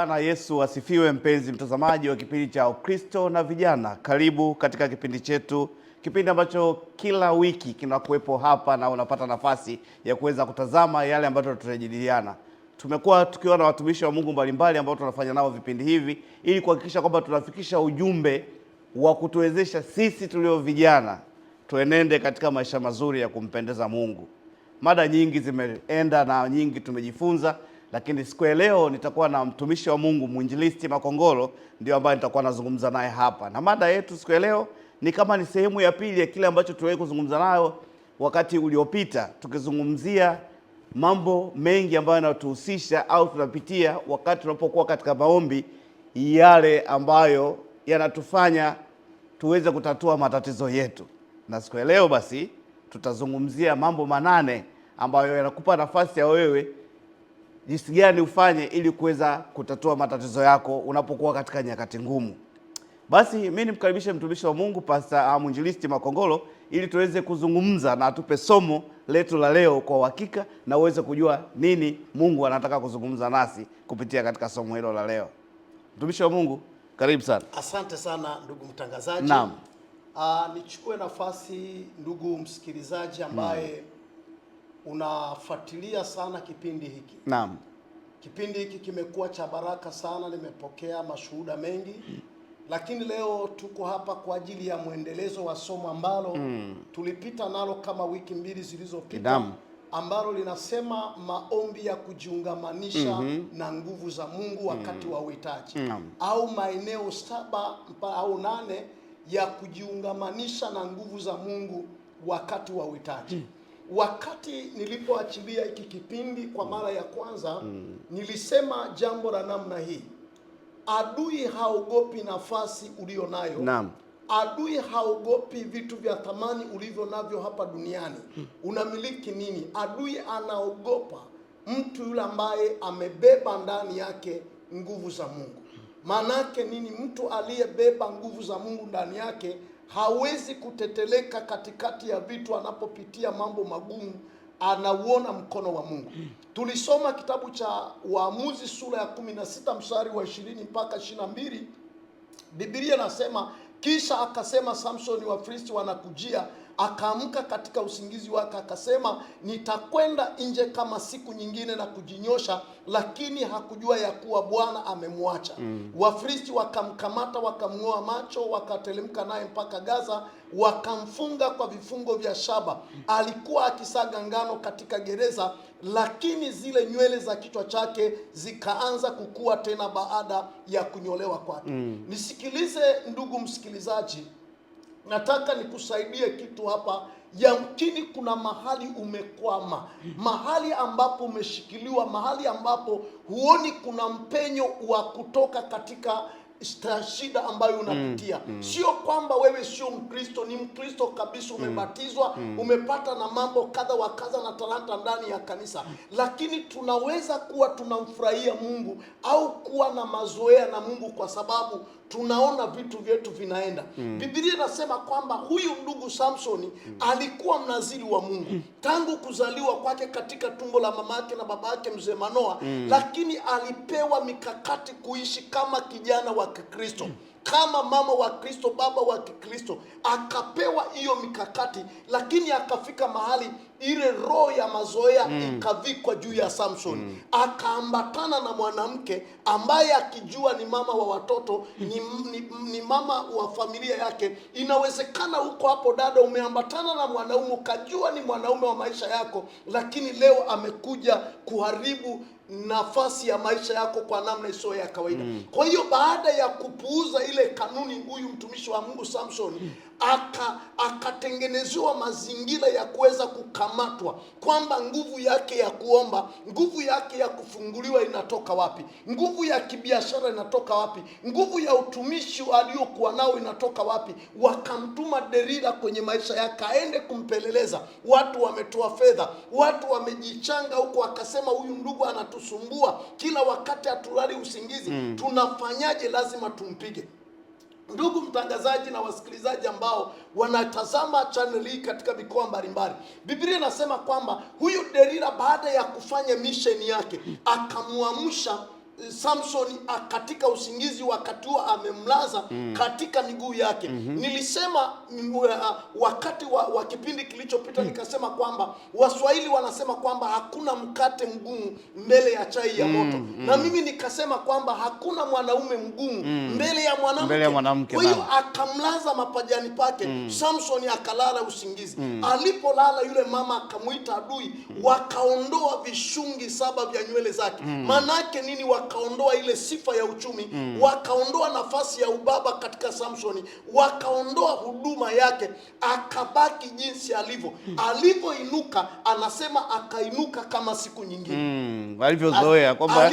Bwana Yesu asifiwe, mpenzi mtazamaji wa kipindi cha Ukristo na Vijana. Karibu katika kipindi chetu, kipindi ambacho kila wiki kinakuwepo hapa na unapata nafasi ya kuweza kutazama yale ambayo tunajadiliana. Tumekuwa tukiwa na watumishi wa Mungu mbalimbali ambao tunafanya nao vipindi hivi ili kuhakikisha kwamba tunafikisha ujumbe wa kutuwezesha sisi tulio vijana tuenende katika maisha mazuri ya kumpendeza Mungu. Mada nyingi zimeenda na nyingi tumejifunza, lakini siku ya leo nitakuwa na mtumishi wa Mungu mwinjilisti Makongoro, ndio ambaye nitakuwa nazungumza naye hapa, na mada yetu siku ya leo ni kama ni sehemu ya pili ya kile ambacho tuliwahi kuzungumza nayo wakati uliopita, tukizungumzia mambo mengi ambayo yanatuhusisha au tunapitia wakati tunapokuwa katika maombi yale ambayo yanatufanya tuweze kutatua matatizo yetu. Na siku ya leo basi tutazungumzia mambo manane ambayo yanakupa nafasi ya wewe jinsi gani ufanye ili kuweza kutatua matatizo yako unapokuwa katika nyakati ngumu. Basi mimi nimkaribishe mtumishi wa Mungu Pastor Mwinjilisti Makongolo ili tuweze kuzungumza na atupe somo letu la leo kwa uhakika na uweze kujua nini Mungu anataka kuzungumza nasi kupitia katika somo hilo la leo. Mtumishi wa Mungu, karibu sana. Asante sana ndugu mtangazaji. Naam. Ah, nichukue nafasi ndugu msikilizaji ambaye hmm unafuatilia sana kipindi hiki. Naam. Kipindi hiki kimekuwa cha baraka sana, nimepokea mashuhuda mengi mm. Lakini leo tuko hapa kwa ajili ya mwendelezo wa somo ambalo mm. tulipita nalo kama wiki mbili zilizopita ambalo linasema maombi ya kujiungamanisha mm -hmm. na nguvu za Mungu wakati mm. wa uhitaji mm. au maeneo saba au nane ya kujiungamanisha na nguvu za Mungu wakati wa uhitaji mm. Wakati nilipoachilia hiki kipindi kwa mara ya kwanza mm. nilisema jambo la namna hii: adui haogopi nafasi ulio nayo. Naam. Adui haogopi vitu vya thamani ulivyo navyo hapa duniani. mm. Unamiliki nini? Adui anaogopa mtu yule ambaye amebeba ndani yake nguvu za Mungu. Maanake nini? Mtu aliyebeba nguvu za Mungu ndani yake hawezi kuteteleka katikati ya vitu, anapopitia mambo magumu anauona mkono wa Mungu. Tulisoma kitabu cha Waamuzi sura ya 16 mstari wa 20 mpaka 22. Biblia nasema kisha akasema Samsoni, Filisti wanakujia Akaamka katika usingizi wake akasema, nitakwenda nje kama siku nyingine na kujinyosha, lakini hakujua ya kuwa Bwana amemwacha. Mm. Wafilisti wakamkamata, wakamng'oa macho, wakatelemka naye mpaka Gaza, wakamfunga kwa vifungo vya shaba. Alikuwa akisaga ngano katika gereza, lakini zile nywele za kichwa chake zikaanza kukua tena baada ya kunyolewa kwake. Mm. Nisikilize ndugu msikilizaji nataka nikusaidie kitu hapa. Yamkini kuna mahali umekwama, mahali ambapo umeshikiliwa, mahali ambapo huoni kuna mpenyo wa kutoka katika shida ambayo mm, unapitia. Mm, mm. Sio kwamba wewe sio Mkristo, ni Mkristo kabisa, mm, umebatizwa, mm, mm. umepata na mambo kadha wa kadha na talanta ndani ya kanisa, lakini tunaweza kuwa tunamfurahia Mungu au kuwa na mazoea na Mungu kwa sababu tunaona vitu vyetu vinaenda mm. Biblia inasema kwamba huyu ndugu Samsoni mm. alikuwa mnaziri wa Mungu mm. tangu kuzaliwa kwake katika tumbo la yake na baba yake mzee Manoa mm. lakini alipewa mikakati kuishi kama kijana wa Kikristo mm kama mama wa Kristo, baba wa Kikristo, akapewa hiyo mikakati, lakini akafika mahali ile roho ya mazoea mm. ikavikwa juu ya Samson mm. akaambatana na mwanamke ambaye akijua ni mama wa watoto ni, ni, ni mama wa familia yake. Inawezekana huko hapo, dada, umeambatana na mwanaume ukajua ni mwanaume wa maisha yako, lakini leo amekuja kuharibu nafasi ya maisha yako kwa namna isiyo ya kawaida. Mm. Kwa hiyo baada ya kupuuza ile kanuni, huyu mtumishi wa Mungu Samson mm aka akatengenezewa mazingira ya kuweza kukamatwa, kwamba nguvu yake ya kuomba, nguvu yake ya kufunguliwa inatoka wapi? Nguvu ya kibiashara inatoka wapi? Nguvu ya utumishi aliyokuwa nao inatoka wapi? Wakamtuma Delila kwenye maisha yake aende kumpeleleza. Watu wametoa fedha, watu wamejichanga huko, akasema huyu ndugu anatusumbua kila wakati, hatulali usingizi mm. Tunafanyaje? Lazima tumpige. Ndugu mtangazaji na wasikilizaji ambao wanatazama channel hii katika mikoa mbalimbali, Biblia inasema kwamba huyu Delila baada ya kufanya misheni yake akamwamsha Samson ah, katika usingizi wakati huo amemlaza mm. katika miguu yake mm-hmm. mm -hmm. Uh, Nilisema wakati wa, wa kipindi kilichopita mm. nikasema kwamba Waswahili wanasema kwamba hakuna mkate mgumu mbele ya chai ya mm, moto mm, na mimi nikasema kwamba hakuna mwanaume mgumu mm. mbele ya mwanamke. Kwa hiyo akamlaza mapajani pake mm. Samson akalala usingizi mm. Alipolala yule mama akamwita adui mm. wakaondoa vishungi saba vya nywele zake mm. manake nini? wakaondoa ile sifa ya uchumi mm. Wakaondoa nafasi ya ubaba katika Samsoni, wakaondoa huduma yake, akabaki jinsi alivyo mm. Alivyoinuka anasema akainuka kama siku nyingine mm alivyozoea kwamba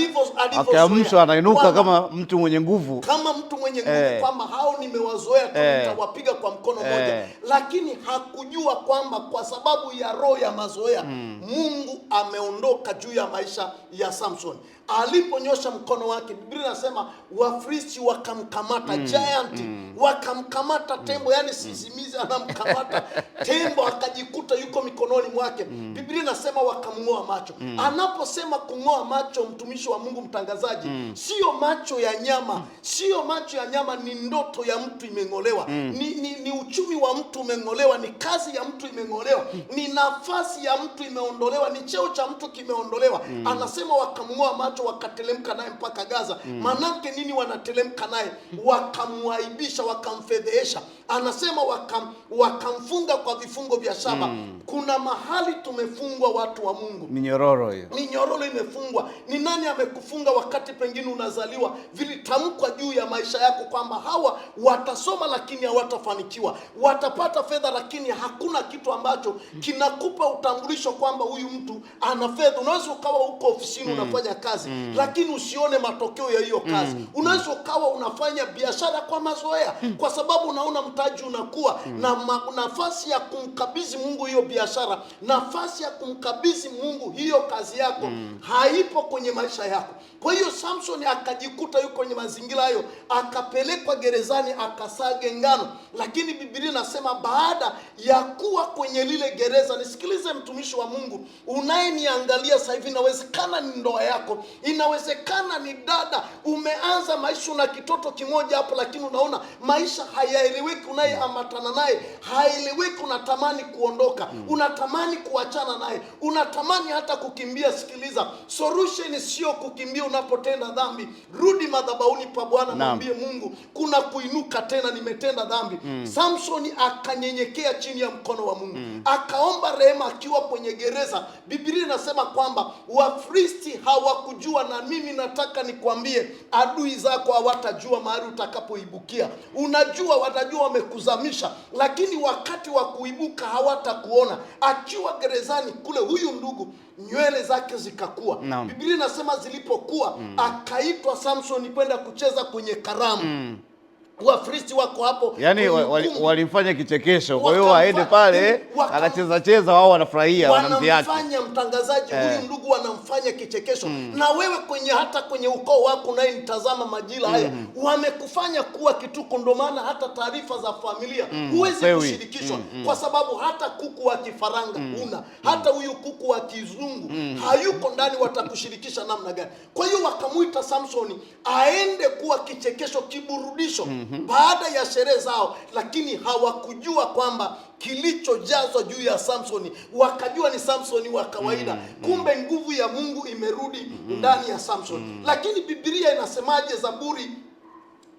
akiamshwa anainuka kama mtu mwenye nguvu, kama mtu mwenye eh. nguvu eh, kwamba hao nimewazoea tu eh, nitawapiga kwa mkono eh, moja, lakini hakujua kwamba kwa sababu ya roho ya mazoea mm, Mungu ameondoka juu ya maisha ya Samson. Aliponyosha mkono wake, Biblia inasema Wafilisti wakamkamata mm, giant mm, wakamkamata hmm. tembo, yani sisimizi anamkamata tembo akajikuta yuko mikononi mwake mm. Biblia inasema wakamng'oa macho mm, anaposema kung'oa macho mtumishi wa Mungu mtangazaji, mm. sio macho ya nyama mm. sio macho ya nyama, ni ndoto ya mtu imeng'olewa mm. ni, ni, ni uchumi wa mtu umeng'olewa, ni kazi ya mtu imeng'olewa mm. ni nafasi ya mtu imeondolewa, ni cheo cha mtu kimeondolewa mm. anasema wakamng'oa macho wakatelemka naye mpaka Gaza mm. manake nini? Wanatelemka naye mm. wakamwaibisha, wakamfedhehesha anasema wakam, wakamfunga kwa vifungo vya shaba. mm. Kuna mahali tumefungwa watu wa Mungu, minyororo hiyo, minyororo imefungwa. Ni nani amekufunga? Wakati pengine unazaliwa, vilitamkwa juu ya maisha yako kwamba hawa watasoma lakini hawatafanikiwa, watapata fedha lakini hakuna kitu ambacho kinakupa utambulisho kwamba huyu mtu ana fedha. Unaweza ukawa huko ofisini mm. unafanya kazi mm. lakini usione matokeo ya hiyo kazi mm. Unaweza hmm. ukawa unafanya biashara kwa mazoea mm. kwa sababu unaona mtaji unakuwa mm. na ma, nafasi ya kumkabidhi Mungu hiyo biashara, nafasi ya kumkabidhi Mungu hiyo kazi yako mm. haipo kwenye maisha yako. Kwa hiyo Samson akajikuta yuko kwenye mazingira hayo, akapelekwa gerezani, akasage ngano, lakini Biblia inasema baada ya kuwa kwenye lile gereza, nisikilize mtumishi wa Mungu unayeniangalia sasa hivi, inawezekana ni ndoa yako, inawezekana ni dada, umeanza maisha na kitoto kimoja hapo, lakini unaona maisha hayaeleweki unayeambatana naye haeleweki. Unatamani kuondoka mm. unatamani kuachana naye, unatamani hata kukimbia. Sikiliza, solution sio kukimbia. Unapotenda dhambi, rudi madhabahuni pa Bwana, mwambie Mungu, kuna kuinuka tena, nimetenda dhambi mm. Samsoni akanyenyekea chini ya mkono wa Mungu mm. akaomba rehema akiwa kwenye gereza. Biblia inasema kwamba Wafilisti hawakujua, na mimi nataka nikwambie, adui zako hawatajua mahali utakapoibukia. Unajua, watajua wame wamekuzamisha, lakini wakati wa kuibuka hawatakuona. Akiwa gerezani kule, huyu ndugu nywele zake zikakua no. Biblia inasema zilipokuwa, mm. akaitwa Samsoni kwenda kucheza kwenye karamu mm. Wafristi wako hapo, yani walimfanya kichekesho, kwa hiyo aende pale anacheza cheza, wao wanafurahia, wanamfanya mtangazaji eh. huyu yeah. ndugu wanamfanya kichekesho mm. Na wewe kwenye hata kwenye ukoo wako naye nitazama majira haya mm -hmm. Wamekufanya kuwa kituko, ndo maana hata taarifa za familia mm. huwezi kushirikishwa mm -hmm. Kwa sababu hata kuku wa kifaranga mm huna -hmm. Hata huyu kuku wa kizungu mm -hmm. hayuko ndani, watakushirikisha namna gani? Kwa hiyo wakamuita Samsoni aende kuwa kichekesho, kiburudisho mm -hmm mm -hmm. baada ya sherehe zao, lakini hawakujua kwamba kilichojazwa juu ya Samsoni, wakajua ni Samsoni wa kawaida mm -hmm. kumbe nguvu ya Mungu imerudi mm -hmm. ndani ya samson mm -hmm. lakini Biblia inasemaje? Zaburi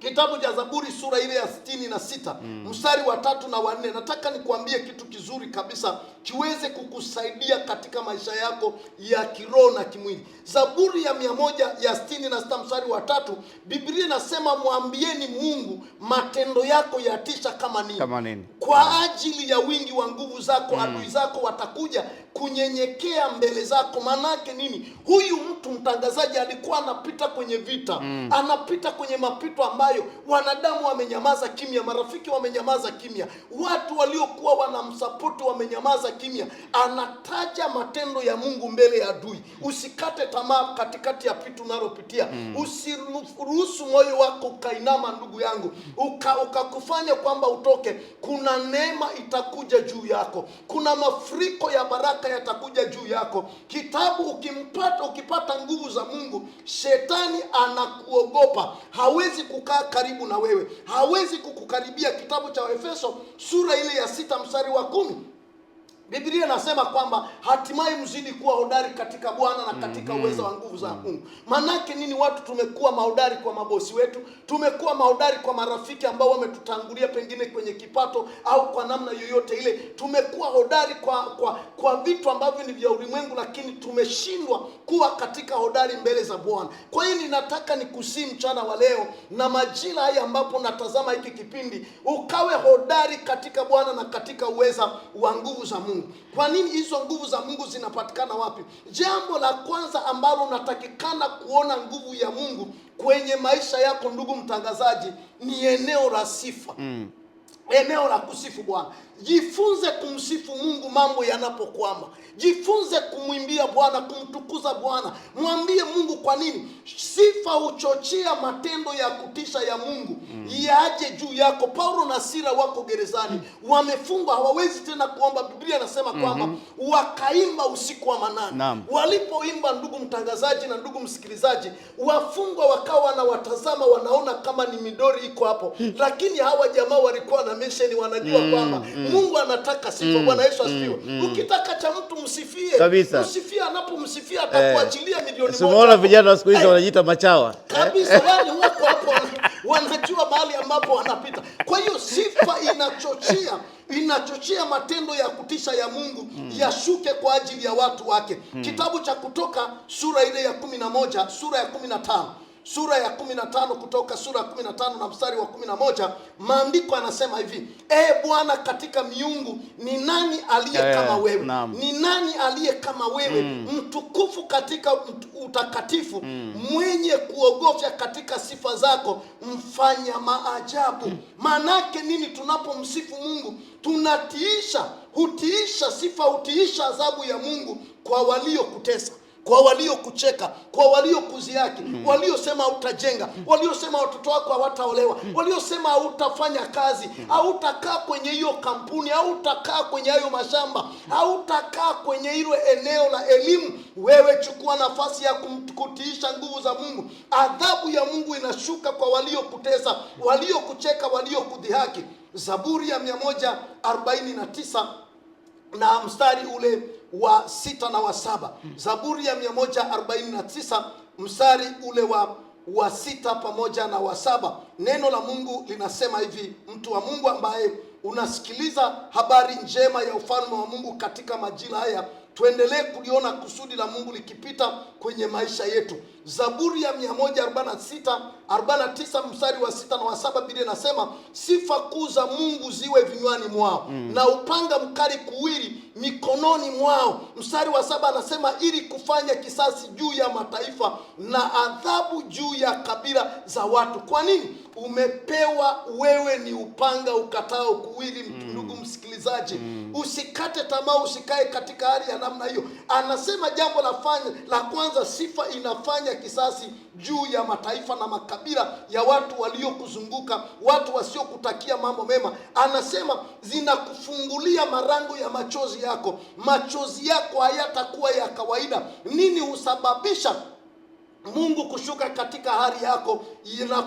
Kitabu cha Zaburi sura ile ya sitini na sita mm. mstari wa tatu na wanne. Nataka nikuambie kitu kizuri kabisa kiweze kukusaidia katika maisha yako ya kiroho na kimwili. Zaburi ya mia moja ya sitini na sita mstari wa tatu, Biblia inasema mwambieni Mungu matendo yako yatisha kama nini, kama nini, kwa ajili ya wingi wa nguvu zako mm. adui zako watakuja kunyenyekea mbele zako. Maanake nini? Huyu mtu mtangazaji alikuwa anapita kwenye vita mm. anapita kwenye mapito ambayo ambayo wanadamu wamenyamaza kimya, marafiki wamenyamaza kimya, watu waliokuwa wanamsapoti wamenyamaza kimya. Anataja matendo ya Mungu mbele ya adui. Usikate tamaa katikati ya pitu unalopitia mm. Usiruhusu moyo wako ukainama, ndugu yangu, ukakufanya uka kwamba utoke. Kuna neema itakuja juu yako, kuna mafuriko ya baraka yatakuja juu yako. Kitabu ukimpata ukipata nguvu za Mungu, shetani anakuogopa, hawezi kukaa kukaa karibu na wewe, hawezi kukukaribia. Kitabu cha efeso sura ile ya sita mstari wa kumi. Biblia inasema kwamba hatimaye mzidi kuwa hodari katika Bwana na katika mm -hmm. uwezo wa nguvu za Mungu mm -hmm. Manake nini? Watu tumekuwa mahodari kwa mabosi wetu, tumekuwa mahodari kwa marafiki ambao wametutangulia pengine kwenye kipato au kwa namna yoyote ile. Tumekuwa hodari kwa kwa kwa vitu ambavyo ni vya ulimwengu, lakini tumeshindwa kuwa katika hodari mbele za Bwana. Kwa hiyo ninataka nikusii mchana wa leo na majira haya ambapo natazama hiki kipindi, ukawe hodari katika Bwana na katika uweza wa nguvu za Mungu. Mungu. Kwa nini hizo nguvu za Mungu zinapatikana wapi? Jambo la kwanza ambalo unatakikana kuona nguvu ya Mungu kwenye maisha yako, ndugu mtangazaji, ni eneo la sifa mm. Eneo la kusifu Bwana. Jifunze kumsifu Mungu mambo yanapokwama. Jifunze kumwimbia Bwana, kumtukuza Bwana. Mwambie Mungu kwa nini. Sifa huchochea matendo ya kutisha ya Mungu mm. yaje juu yako. Paulo na Sila wako gerezani, mm. wamefungwa, hawawezi tena kuomba. Biblia anasema kwamba mm -hmm. wakaimba usiku wa manane. Walipoimba, ndugu mtangazaji na ndugu msikilizaji, wafungwa wakawa wanawatazama, wanaona kama ni midori iko hapo, hmm. lakini hawa jamaa walikuwa na misheni, wanajua mm -hmm. kwamba hmm. Mm. Mungu anataka sifa. Mm. Bwana Yesu asifiwe. Mm, Ukitaka cha mtu msifie, msifie, anapomsifia atakuachilia eh. milioni moja. Simuona vijana siku hizi eh. wanajiita machawa kabisa, eh. wale wako hapo wanajua mahali ambapo wanapita. Kwa hiyo sifa inachochea inachochea matendo ya kutisha ya Mungu mm. yashuke kwa ajili ya watu wake mm. Kitabu cha Kutoka sura ile ya kumi na moja sura ya kumi na tano sura ya 15 Kutoka sura ya 15 na mstari wa 11, maandiko anasema hivi: E Bwana, katika miungu ni nani aliye yeah, kama wewe na. Ni nani aliye kama wewe mm. mtukufu katika utakatifu mm. mwenye kuogofya katika sifa zako, mfanya maajabu mm. Maanake nini? Tunapomsifu Mungu tunatiisha, hutiisha sifa, hutiisha adhabu ya Mungu kwa waliokutesa kwa waliokucheka, kwa waliokuziaki, waliosema hautajenga, waliosema watoto wako hawataolewa, waliosema hautafanya kazi, hautakaa kwenye hiyo kampuni, hautakaa kwenye hayo mashamba, hautakaa kwenye ile eneo la elimu. Wewe chukua nafasi ya kutiisha nguvu za Mungu. Adhabu ya Mungu inashuka kwa waliokutesa, waliokucheka, waliokudhihaki. Zaburi ya 149 na mstari ule wa sita na wa saba Zaburi ya 149 mstari ule wa wa sita pamoja na wa saba Neno la Mungu linasema hivi, mtu wa Mungu ambaye unasikiliza habari njema ya ufalme wa Mungu katika majira haya, tuendelee kuliona kusudi la Mungu likipita kwenye maisha yetu. Zaburi ya 146 49 mstari wa sita na wa saba Biblia inasema sifa kuu za Mungu ziwe vinywani mwao mm. na upanga mkali kuwili mikononi mwao. Mstari wa saba anasema ili kufanya kisasi juu ya mataifa na adhabu juu ya kabila za watu. Kwa nini umepewa wewe? Ni upanga ukatao kuwili, mm. ndugu mm. msikilizaji mm. usikate tamaa, usikae katika hali ya namna hiyo. Anasema jambo la fanya la kwanza, sifa inafanya kisasi juu ya mataifa na makabila ya watu waliokuzunguka, watu wasiokutakia mambo mema. Anasema zinakufungulia marango ya machozi yako. Machozi yako hayatakuwa ya kawaida. Nini husababisha Mungu kushuka katika hali yako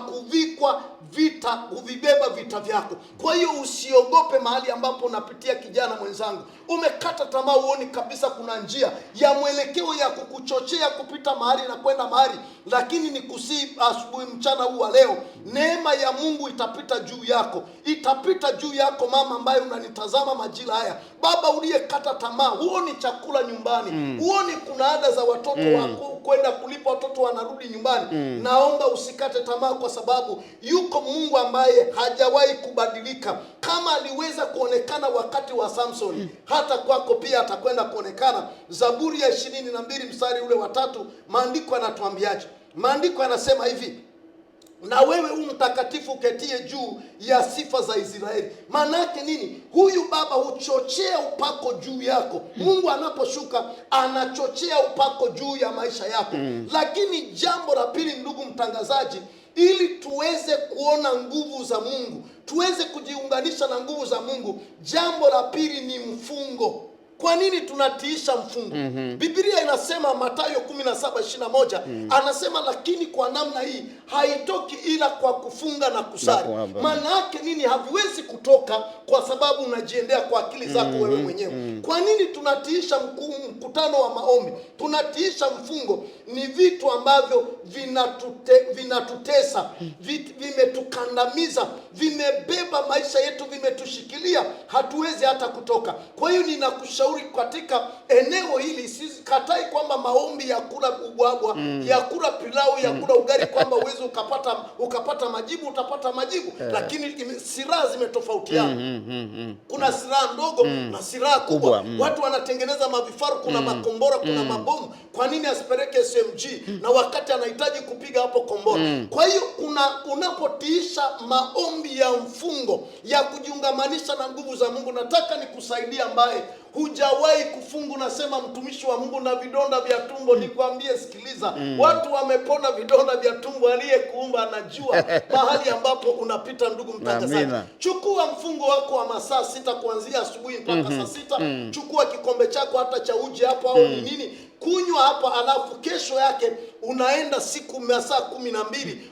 kuvikwa vita, huvibeba vita vyako. Kwa hiyo usiogope mahali ambapo unapitia. Kijana mwenzangu, umekata tamaa, huoni kabisa kuna njia ya mwelekeo ya kukuchochea kupita mahali na kwenda mahali, lakini ni kusii asubuhi, mchana huu wa leo Neema ya Mungu itapita juu yako, itapita juu yako mama ambaye unanitazama majira haya, baba uliyekata tamaa, huoni chakula nyumbani mm. huoni kuna ada za watoto mm. wako kwenda kulipa, watoto wanarudi nyumbani mm. naomba usikate tamaa, kwa sababu yuko Mungu ambaye hajawahi kubadilika. Kama aliweza kuonekana wakati wa Samson mm. hata kwako pia atakwenda kuonekana. Zaburi ya ishirini na mbili mstari ule wa maandiko yanatuambiaje? Maandiko yanasema hivi na wewe huu mtakatifu uketie juu ya sifa za Israeli. maanaake nini? Huyu baba huchochea upako juu yako. Mungu anaposhuka anachochea upako juu ya maisha yako. mm. Lakini jambo la pili, ndugu mtangazaji, ili tuweze kuona nguvu za Mungu, tuweze kujiunganisha na nguvu za Mungu, jambo la pili ni mfungo. Kwa nini tunatiisha mfungo? mm -hmm. Biblia inasema Mathayo 17:21 mm -hmm. anasema lakini kwa namna hii haitoki ila kwa kufunga na kusali. Maana yake nini? Haviwezi kutoka kwa sababu unajiendea kwa akili zako mm -hmm. wewe mhm, mwenyewe mm -hmm. Kwa nini tunatiisha mkutano wa maombi, tunatiisha mfungo? Ni vitu ambavyo vinatute, vinatutesa vit, vimetukandamiza, vimebeba maisha yetu, vimetushikilia, hatuwezi hata kutoka. Kwa hiyo ninakushauri shauri katika eneo hili, sikatai kwamba maombi ya kula ubwabwa mm. ya kula pilau ya mm. kula ugali kwamba uwezi ukapata ukapata majibu utapata majibu yeah. Lakini silaha zimetofautiana mm mm, mm, mm, mm, kuna silaha ndogo mm. na silaha kubwa mm. Watu wanatengeneza mavifaru, kuna mm. makombora, kuna mm. mabomu. Kwa nini asipeleke SMG mm. na wakati anahitaji kupiga hapo kombora mm. Kwa hiyo una, unapotiisha maombi ya mfungo ya kujiungamanisha na nguvu za Mungu, nataka nikusaidie ambaye hujawahi kufungu, nasema mtumishi wa Mungu na vidonda vya tumbo. Nikwambie, sikiliza mm. watu wamepona vidonda vya tumbo, aliyekuumba anajua mahali ambapo unapita. Ndugu mtangazaji, chukua mfungo wako wa masaa sita kuanzia asubuhi mpaka mm -hmm. saa sita mm. chukua kikombe chako hata cha uji hapo au ni mm. nini kunywa hapa, alafu kesho yake unaenda siku masaa kumi na mbili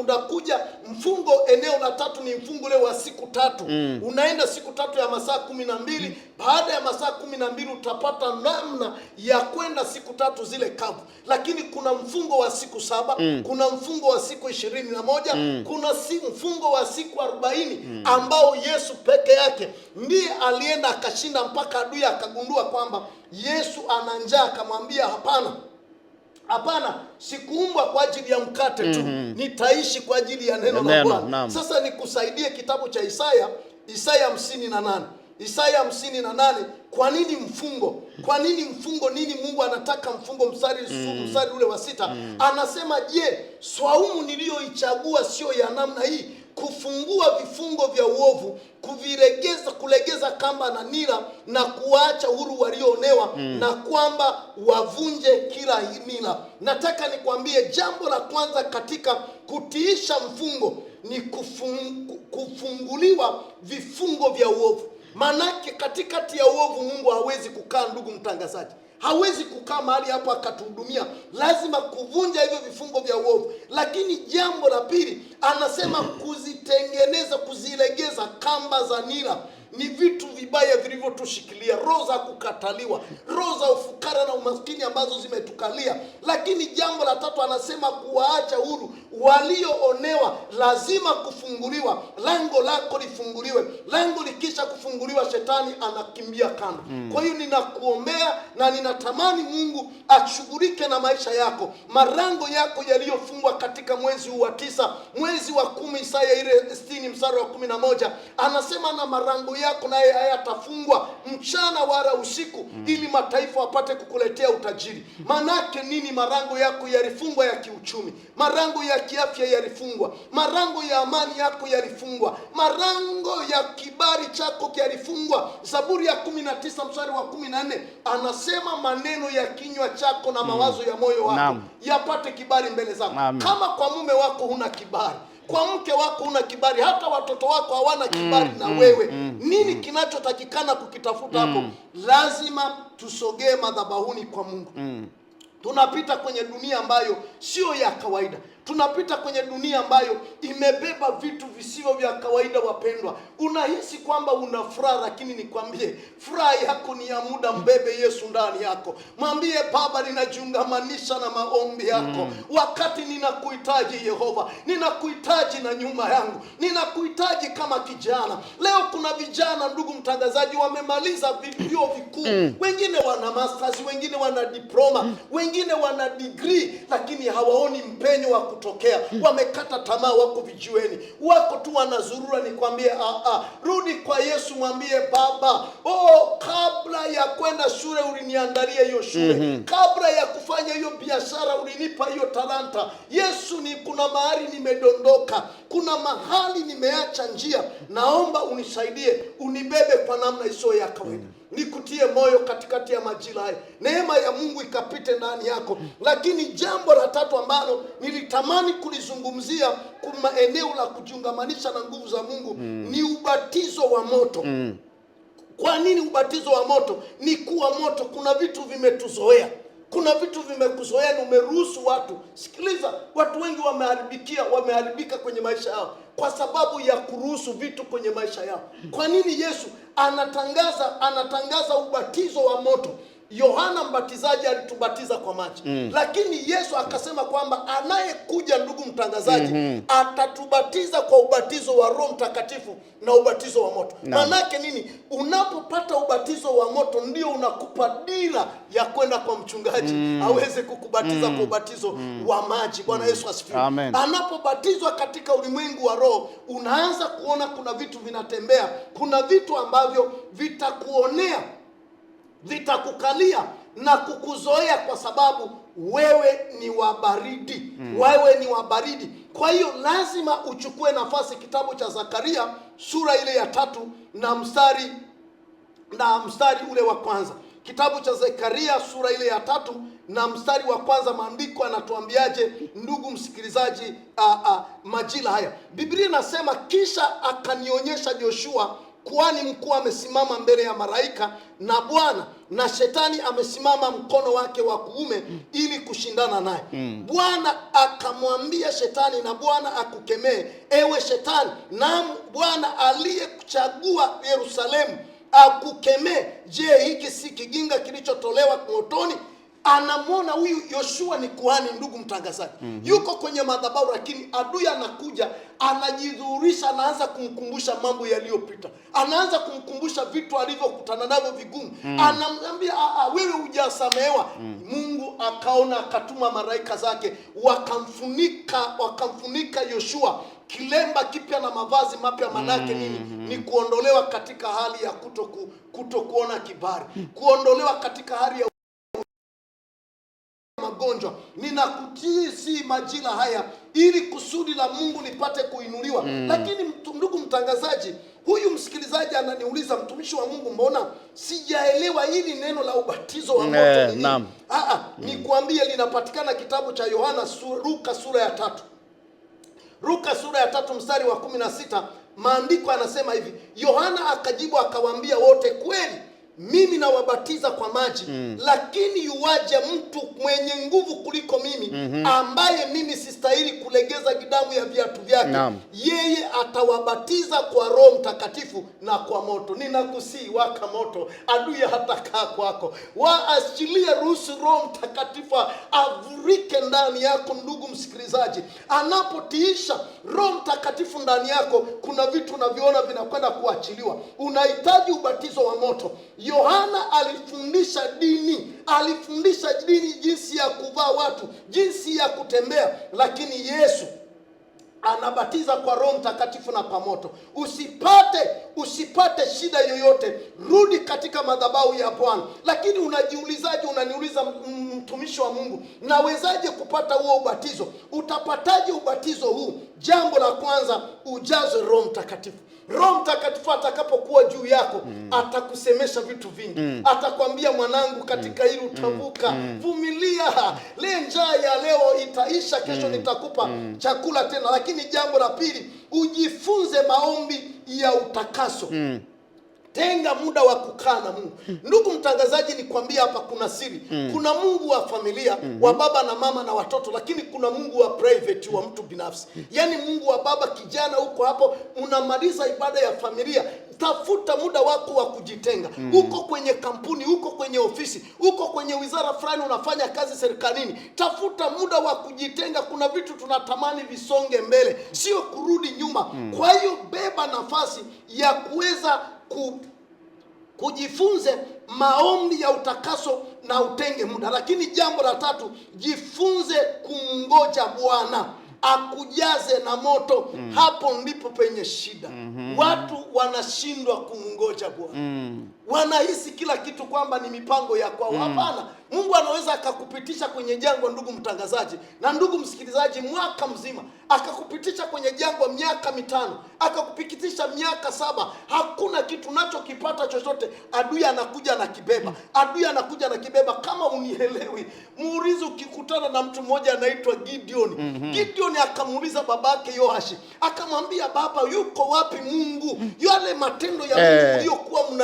unakuja mfungo. Eneo la tatu ni mfungo leo wa siku tatu mm. unaenda siku tatu ya masaa kumi na mbili mm. Baada ya masaa kumi na mbili utapata namna ya kwenda siku tatu zile kavu, lakini kuna mfungo wa siku saba mm. kuna mfungo wa siku ishirini na moja mm. kuna si mfungo wa siku arobaini mm. ambao Yesu peke yake ndiye alienda akashinda mpaka adui akagundua kwamba Yesu ana njaa, akamwambia hapana, hapana, sikuumbwa kwa ajili ya mkate tu mm -hmm. nitaishi kwa ajili ya neno la Bwana. Sasa nikusaidie kitabu cha Isaya, Isaya hamsini na nane Isaya hamsini na nane Kwa nini mfungo? Kwa nini mfungo? Nini Mungu anataka mfungo? Mstari mm. mstari ule wa sita mm. anasema je, swaumu niliyoichagua sio ya namna hii kufungua vifungo vya uovu, kuviregeza, kulegeza kamba na nira na kuwaacha huru walioonewa mm. na kwamba wavunje kila nira. Nataka nikwambie jambo la kwanza katika kutiisha mfungo ni kufungu, kufunguliwa vifungo vya uovu, manake katikati ya uovu Mungu hawezi kukaa, ndugu mtangazaji hawezi kukaa mahali hapo akatuhudumia, lazima kuvunja hivyo vifungo vya uovu. Lakini jambo la pili anasema kuzitengeneza, kuzilegeza kamba za nira ni vitu vibaya vilivyotushikilia, roho za kukataliwa, roho za ufukara na umaskini ambazo zimetukalia. Lakini jambo la tatu anasema kuwaacha huru walioonewa lazima kufunguliwa, lango lako lifunguliwe. Lango likisha kufunguliwa, shetani anakimbia kando. Mm. Kwa hiyo ninakuombea na ninatamani Mungu ashughulike na maisha yako, marango yako yaliyofungwa katika mwezi huu wa tisa, mwezi wa kumi. Isaya ile s msara wa kumi na moja anasema na marango yako naye hayatafungwa mchana wala usiku, mm. ili mataifa wapate kukuletea utajiri. Maanake nini? Marango yako yalifungwa ya kiuchumi, marango ya kiafya yalifungwa, marango ya amani yako yalifungwa, marango ya kibali chako yalifungwa. Zaburi ya kumi na tisa mstari wa kumi na nne anasema maneno ya kinywa chako na mawazo ya moyo wako Naam. yapate kibali mbele zako. Kama kwa mume wako huna kibali kwa mke wako una kibali, hata watoto wako hawana mm, kibali mm, na mm, wewe mm, mm. nini mm, kinachotakikana kukitafuta mm. hapo? Mm, lazima tusogee madhabahuni kwa Mungu mm. Tunapita kwenye dunia ambayo sio ya kawaida. Tunapita kwenye dunia ambayo imebeba vitu visivyo vya kawaida. Wapendwa, unahisi kwamba una furaha, lakini nikwambie furaha yako ni ya muda. Mbebe Yesu ndani yako, mwambie Baba, ninajiungamanisha na maombi yako mm. Wakati ninakuhitaji Yehova, ninakuhitaji na nyuma yangu, ninakuhitaji kama kijana. Leo kuna vijana, ndugu mtangazaji, wamemaliza vyuo vikuu mm. Wengine wana masters, wengine wana diploma mm. Wengine wana degree, lakini hawaoni mpenyo wa kutokea hmm. Wamekata tamaa, wako vijiweni, wako tu wanazurura. Nikwambie a ah, a, ah, rudi kwa Yesu, mwambie Baba, oh, kabla ya kwenda shule uliniandalia hiyo shule mm -hmm. Kabla ya kufanya hiyo biashara ulinipa hiyo talanta. Yesu, ni kuna mahali nimedondoka, kuna mahali nimeacha njia, naomba unisaidie, unibebe kwa namna isiyo ya kawaida mm -hmm nikutie moyo katikati ya majira haya, neema ya Mungu ikapite ndani yako. Lakini jambo la tatu ambalo nilitamani kulizungumzia kuma eneo la kujiungamanisha na nguvu za Mungu mm. ni ubatizo wa moto mm. Kwa nini ubatizo wa moto? Ni kuwa moto, kuna vitu vimetuzoea kuna vitu vimekuzoea na umeruhusu watu. Sikiliza, watu wengi wameharibikia, wameharibika kwenye maisha yao kwa sababu ya kuruhusu vitu kwenye maisha yao. Kwa nini Yesu anatangaza anatangaza ubatizo wa moto? Yohana Mbatizaji alitubatiza kwa maji mm. Lakini Yesu akasema kwamba anayekuja, ndugu mtangazaji, mm -hmm. atatubatiza kwa ubatizo wa Roho Mtakatifu na ubatizo wa moto no. Manake nini? Unapopata ubatizo wa moto ndio unakupa dira ya kwenda kwa mchungaji mm. aweze kukubatiza mm. kwa ubatizo mm. wa maji. Bwana mm. Yesu asifiwe. Anapobatizwa katika ulimwengu wa roho, unaanza kuona kuna vitu vinatembea, kuna vitu ambavyo vitakuonea vitakukalia na kukuzoea kwa sababu wewe ni wa baridi mm. Wewe ni wa baridi. Kwa hiyo lazima uchukue nafasi. Kitabu cha Zakaria sura ile ya tatu na mstari na mstari ule wa kwanza, kitabu cha Zakaria sura ile ya tatu na mstari wa kwanza, maandiko anatuambiaje ndugu msikilizaji? a, a, haya Biblia inasema, kisha akanionyesha Joshua kwani mkuu amesimama mbele ya malaika na Bwana na shetani amesimama mkono wake wa kuume ili kushindana naye. Mm. Bwana akamwambia shetani, na Bwana akukemee ewe shetani, nam Bwana aliyekuchagua Yerusalemu akukemee. Je, hiki si kijinga kilichotolewa motoni? anamwona huyu Yoshua ni kuhani. Ndugu mtangazaji, mm -hmm. yuko kwenye madhabahu, lakini adui anakuja, anajidhuhurisha, anaanza kumkumbusha mambo yaliyopita, anaanza kumkumbusha vitu alivyokutana navyo vigumu mm -hmm. anamwambia ah, ah, wewe hujasamehewa mm -hmm. Mungu akaona, akatuma malaika zake, wakamfunika wakamfunika Yoshua kilemba kipya na mavazi mapya. Manake nini? mm -hmm. Ni kuondolewa katika hali ya kuto kuona kibali, kuondolewa katika hali ya magonjwa si majira haya ili kusudi la Mungu nipate kuinuliwa. Mm. Lakini mtu, ndugu mtangazaji, huyu msikilizaji ananiuliza mtumishi wa Mungu, mbona sijaelewa hili neno la ubatizo wa eh, moto ni nini? Ah, ah, mm. Nikwambie, linapatikana kitabu cha Yohana sur, Luka sura ya tatu Luka sura ya tatu mstari wa kumi na sita maandiko anasema hivi, Yohana akajibu akawaambia wote, kweli mimi nawabatiza kwa maji mm. lakini yuwaje mtu mwenye nguvu kuliko mimi mm -hmm. ambaye mimi sistahili kulegeza gidamu ya viatu vyake Naam. yeye atawabatiza kwa Roho Mtakatifu na kwa moto. Ninakusii, waka moto, hata hatakaa kwako. Waachilie, ruhusu Roho Mtakatifu avurike ndani yako. Ndugu msikilizaji, anapotiisha Roho Mtakatifu ndani yako, kuna vitu unavyoona vinakwenda kuachiliwa. Unahitaji ubatizo wa moto. Yohana alifundisha dini, alifundisha dini, jinsi ya kuvaa watu, jinsi ya kutembea, lakini Yesu anabatiza kwa Roho Mtakatifu na kwa moto. Usipate usipate shida yoyote, rudi katika madhabahu ya Bwana. Lakini unajiulizaje? Unaniuliza mtumishi wa Mungu, nawezaje kupata huo ubatizo? Utapataje ubatizo huu? Jambo la kwanza, ujazwe Roho Mtakatifu. Roho Mtakatifu atakapokuwa juu yako mm. atakusemesha vitu vingi mm. atakwambia, mwanangu, katika hili utavuka, mm. Mm. vumilia mm. le njaa ya leo itaisha, kesho mm. nitakupa mm. chakula tena. Lakini jambo la pili, ujifunze maombi ya utakaso mm. Tenga muda wa kukaa na Mungu. Mm-hmm. Ndugu mtangazaji, nikwambia hapa kuna siri mm. Kuna Mungu wa familia mm -hmm. wa baba na mama na watoto, lakini kuna Mungu wa private wa mtu binafsi mm -hmm. Yaani Mungu wa baba, kijana huko hapo unamaliza ibada ya familia, tafuta muda wako wa kujitenga mm mm-hmm. huko Kwenye kampuni huko, kwenye ofisi huko, kwenye wizara fulani unafanya kazi serikalini, tafuta muda wa kujitenga. Kuna vitu tunatamani visonge mbele, sio kurudi nyuma mm -hmm. Kwa hiyo beba nafasi ya kuweza ku, kujifunze maombi ya utakaso na utenge muda. Lakini jambo la tatu, jifunze kumngoja Bwana akujaze na moto mm. Hapo ndipo penye shida mm -hmm. Watu wanashindwa kumngoja Bwana mm wanahisi kila kitu kwamba ni mipango ya kwao. Mm. Hapana, mm. Mungu anaweza akakupitisha kwenye jangwa, ndugu mtangazaji na ndugu msikilizaji, mwaka mzima, akakupitisha kwenye jangwa miaka mitano, akakupitisha miaka saba, hakuna kitu unachokipata chochote. Adui anakuja na kibeba, adui anakuja na kibeba. Kama unielewi, muulize, ukikutana na mtu mmoja anaitwa Gideon. mm -hmm. Gideon akamuuliza babake Yoashi, akamwambia baba, yuko wapi Mungu? Mm. Yale matendo ya Mungu eh. uliokuwa mm.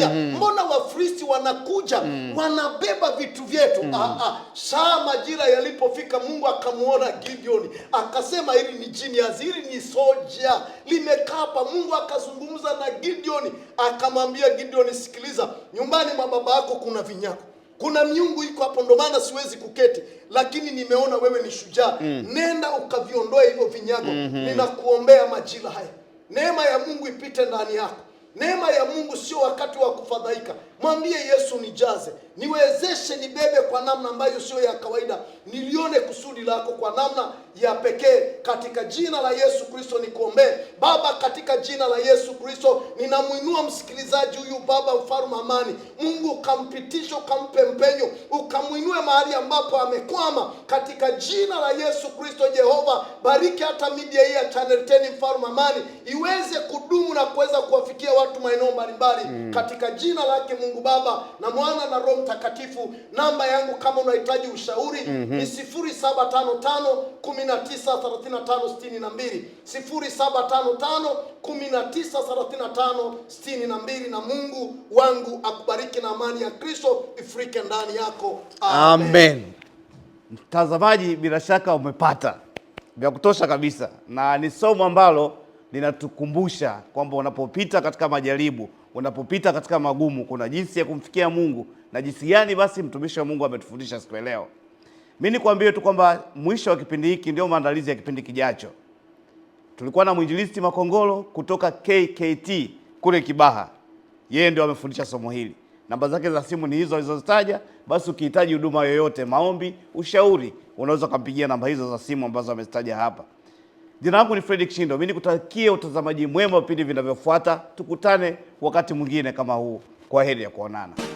Biblia mm mm-hmm. Mbona wafristi wanakuja mm wanabeba vitu vyetu mm ah, ah. Saa majira yalipofika, Mungu akamwona Gideoni akasema, hili ni jiniazi, hili ni soja limekapa. Mungu akazungumza na Gideoni akamwambia Gideoni, sikiliza, nyumbani mwa baba yako kuna vinyago kuna miungu iko hapo, ndo maana siwezi kuketi, lakini nimeona wewe ni shujaa mm. Nenda ukaviondoe hivyo vinyago mm -hmm. Ninakuombea majira haya, neema ya Mungu ipite ndani yako Neema ya Mungu sio wakati wa kufadhaika. Mwambie Yesu, nijaze, niwezeshe, nibebe kwa namna ambayo siyo ya kawaida, nilione kusudi lako kwa namna ya pekee. Katika jina la Yesu Kristo nikuombee Baba, katika jina la Yesu Kristo ninamwinua msikilizaji huyu Baba mfalme amani, Mungu ukampitisha, ukampe mpenyo, ukamwinue mahali ambapo amekwama, katika jina la Yesu Kristo. Jehova, bariki hata media hii ya Channel 10 amani, iweze kudumu na kuweza kuwafikia watu maeneo mbalimbali, mm. katika jina lake Mungu Mungu Baba na Mwana na Roho Mtakatifu. Namba yangu kama unahitaji ushauri mhm. ni 0755 19 Na Mungu wangu akubariki na amani ya Kristo ifurike ndani yako. Amen, Amen. Mtazamaji, bila shaka umepata vya kutosha kabisa, na ni somo ambalo linatukumbusha kwamba unapopita katika majaribu, unapopita katika magumu, kuna jinsi ya kumfikia Mungu na jinsi gani basi mtumishi wa Mungu ametufundisha siku ya leo. Mimi nikwambie tu kwamba mwisho wa kipindi hiki ndio maandalizi ya kipindi kijacho. Tulikuwa na mwinjilisti Makongoro kutoka KKT kule Kibaha, yeye ndio amefundisha somo hili. Namba zake za simu ni hizo alizozitaja. Basi ukihitaji huduma yoyote, maombi, ushauri, unaweza ukampigia namba hizo za simu ambazo amezitaja hapa. Jina langu ni Fredrick Shindo. Mimi nikutakie utazamaji mwema vipindi vinavyofuata. Tukutane wakati mwingine kama huu. Kwa heri ya kuonana.